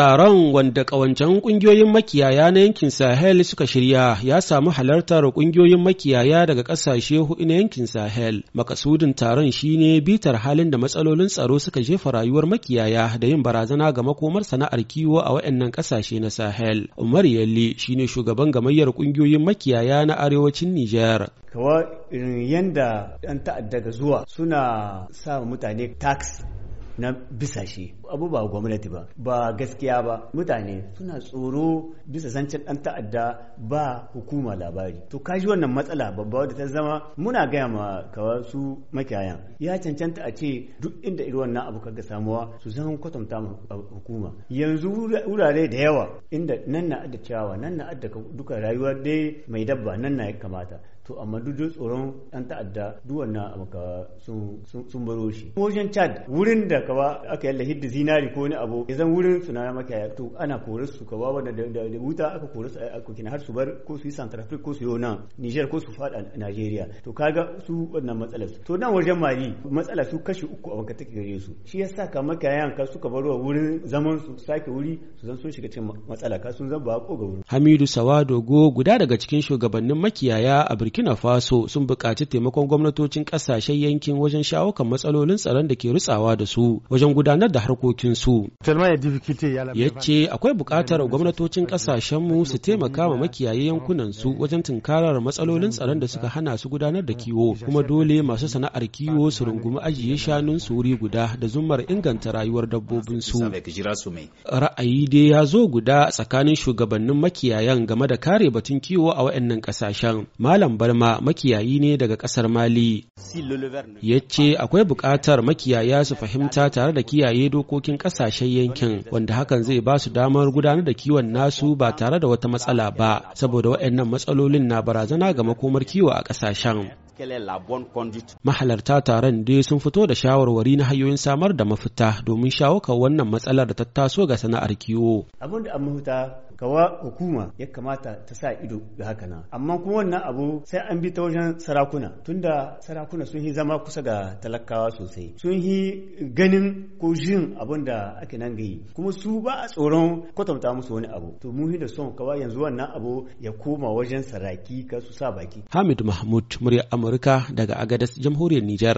Taron wanda ƙawancen ƙungiyoyin makiyaya na yankin Sahel suka shirya ya samu halartar ƙungiyoyin makiyaya daga ƙasashe hudu na yankin Sahel. Makasudin taron shine bitar halin da matsalolin tsaro suka jefa rayuwar makiyaya da yin barazana ga makomar sana'ar kiwo a waɗannan ƙasashe na Sahel. Umar Yalli shine shugaban gamayyar ƙungiyoyin makiyaya na arewacin Nijar. Kawa eh, yanda 'yan ta'adda ga zuwa suna sa mutane tax na bisa shi abu ba gwamnati ba ba gaskiya ba mutane suna tsoro bisa zancen dan ta'adda ba hukuma labari to kaji wannan matsala babba da ta zama muna gaya ma kawa su makiyayan ya cancanta a ce duk inda irin wannan abu kaga samuwa su zama kwatanta hukuma yanzu wurare da yawa inda nan na adda ciyawa nan na adda duka rayuwar dai mai dabba nan na ya kamata to amma duk tsoron yan ta'adda duk wannan abu sun baro shi wajen chad wurin da kaba aka yalla hidda zinari ko wani abu ya zan wurin maka ya to ana kore su kaba wanda da wuta aka kore su a kokina har su bar ko su yi central africa ko su yi nan niger ko su fada nigeria to kaga su wannan matsalar to nan wajen mali matsala su kashi uku a banka take gare su shi yasa ka makayan ka suka baro wurin zaman su sake wuri su zan sun shiga cikin matsala ka sun zan ba ko ga wurin hamidu sawado go guda daga cikin shugabannin makiyaya a burkina burkina faso sun buƙaci taimakon gwamnatocin ƙasashen yankin wajen shawo kan matsalolin tsaron da ke rutsawa da su wajen gudanar da harkokinsu ya ce akwai buƙatar gwamnatocin ƙasashenmu su taimaka ma makiyaye yankunansu wajen tunkarar matsalolin tsaron da suka hana su gudanar da kiwo kuma dole masu sana'ar kiwo su rungumi ajiye shanun su wuri guda da zumar inganta rayuwar dabbobin su ra'ayi dai ya zo guda tsakanin shugabannin makiyayan game da kare batun kiwo a waɗannan ƙasashen malam Barma makiyayi ne daga ƙasar Mali. Ya ce akwai buƙatar makiyaya su fahimta tare da kiyaye dokokin ƙasashen yankin wanda hakan zai ba su damar gudanar da kiwon nasu ba tare da wata matsala ba saboda waɗannan matsalolin na barazana ga makomar kiwo a ƙasashen. Mahalarta taron dai sun fito da shawarwari na hanyoyin samar da mafita domin shawo kan wannan matsalar da ta taso ga sana'ar kiwo. Abin da mahuta kawa hukuma ya kamata ta sa ido ga haka nan amma kuma wannan abu sai an bi ta wajen sarakuna tunda sarakuna sun yi zama kusa ga talakawa sosai sun yi ganin ko jin abin da ake nan gayi kuma su ba a tsoron kwatanta musu wani abu to mu da son kawa yanzu wannan abu ya koma wajen saraki ka su sa baki Hamid Mahmud murya Amurka Amurka daga Agadez, Jamhuriyar Nijar.